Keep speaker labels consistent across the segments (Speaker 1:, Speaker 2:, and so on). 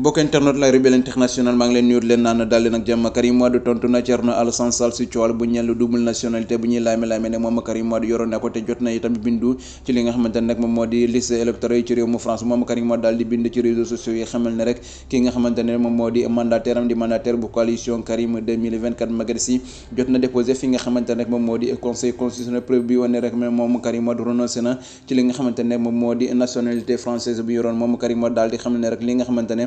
Speaker 1: mbokk internet la Rebelle International maa ngi leen nuyu leen naan daal leen jàmm Karim Wade tontu na Thierno Alassane Sall si coowal bu ñeel double nationalité bu ñuy laame-laame ne moom Karim Wade bind ci réseaux sociaux yi xamal rek moom moo di mandataire am di mandataire bu coalition Karim 2024 Maguette Sy jot na déposé fi nga xamante rek moom moo di conseil constitutionnel preuve bi wane rek moom Karim Wade renoncé na ci li nga xamante ne moom moo di nationalité française rek li nga xamante ne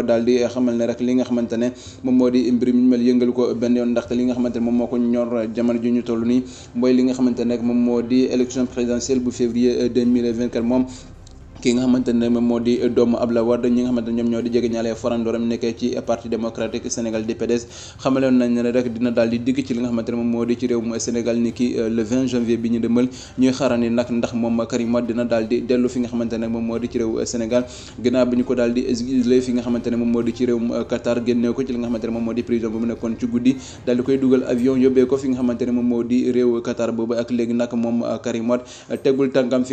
Speaker 1: ba daal di xamal ne rek li nga xamante ne moom moo di mbir mi mel yëngal ko benn yoon ndaxte li nga xamante moom moo ko ñor jamono ji ñu toll nii mooy li nga xamante ne rek moom moo di élection présidentielle bu février 2024 moom ki nga xamante moom moo di doomu Abdoulaye Wade ñi nga xamante ñoom ñoo di jege ñaale farandooram nekkee ci parti démocratique Sénégal di PDS xamaloon moom moo di ci réew euh, Sénégal ni bi ñu ko daal di fi nga xamante moom moo di ci réew euh, Qatar génnee ko ci li nga xamante moom moo di prison bu mu nekkoon ci guddi daal koy dugal avion yóbbee ko fi nga xamante moom moo di réew Qatar boobu ak léegi nag moom euh, Karim tegul tànkam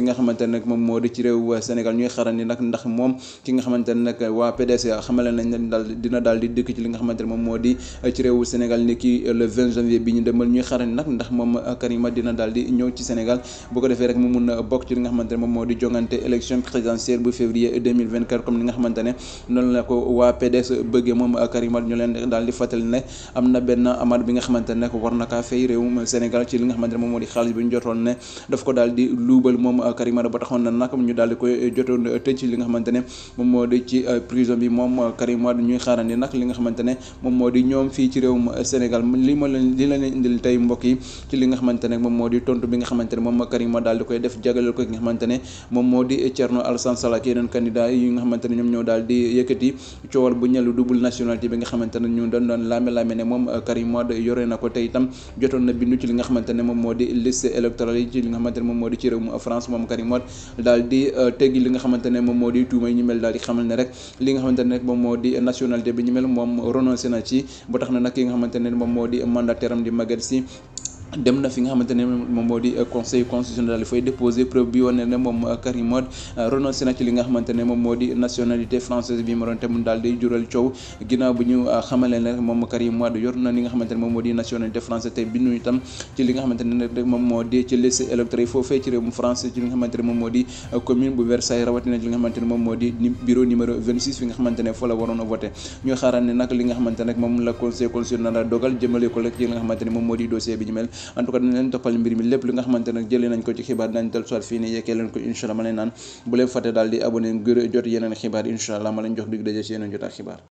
Speaker 1: Sénégal ñuy xarandi nag ne ko waa PDS bëggee moom Karima ñu leen daal di fàttali ne am na benn amaat bi nga xamante ne war na kaa réewum Sénégal ci li nga xamante moom moo di xaalis bi ñu jotoon ne daf ko daal di luubal moom Karima ba taxoon na nag ñu daal di koy jotoon euh, tëj li nga xamante ne moom moo di ci euh, prison bi moom euh, Karim Wade ñuy xaarandi nag li li nga xamante moom moo di tontu bi nga xamante moom moo di Thierno Alassane Sall yeneen candidat yi nga xamante ñoom ñoo daal di yëkkati coowal bu ñelu double nationalité bi nga xamante ñu doon laame laame ne moom Karim yore na ko tey itam jotoon na bindu ci li nga xamante moom moo di liste électorale yi ci li nga xamante moom moo di ci li nga xamante ne moom moo di tuuma yi ñu mel daal di xamal ne rek li nga xamante ne rek moom moo di nationalité bi ñu mel moom renoncé na ci ba tax na nag ki nga xamante ne moom moo di mandataire am di Maguette Sy dem na fi nga xamante ne moom moo di euh, conseil constitutionnel daal di fay déposé preuve euh, euh, ci li nga xamante ne moom moo di nationalité française bi mu doon te na li nga moom moo di nationalité française te bindu itam ci li nga moom moo di ci liste électorale foofee ci France ci li nga xamante moom moo di commune bu Versailles rawatina ci li nga xamante moom moo di bureau numéro fi nga xamante ne la waroon a voté ñu xaaraan ne nag li nga xamante rek moom la conseil constitutionnel dogal jëmale ko rek ci li nga xamante moom moo di dossier bi ñu mel en tout cas dañ leen toppal mbir mi lépp li nga xamante nag jëlee nañ ko ci xibaar dañ del soit fii nii yekkee leen ko incha allah ma leen naan bu leen fàtte daal di abonné ngir jot yeneen xibaar incha allah ma leen jox dig daje yeneen jotaay xibaar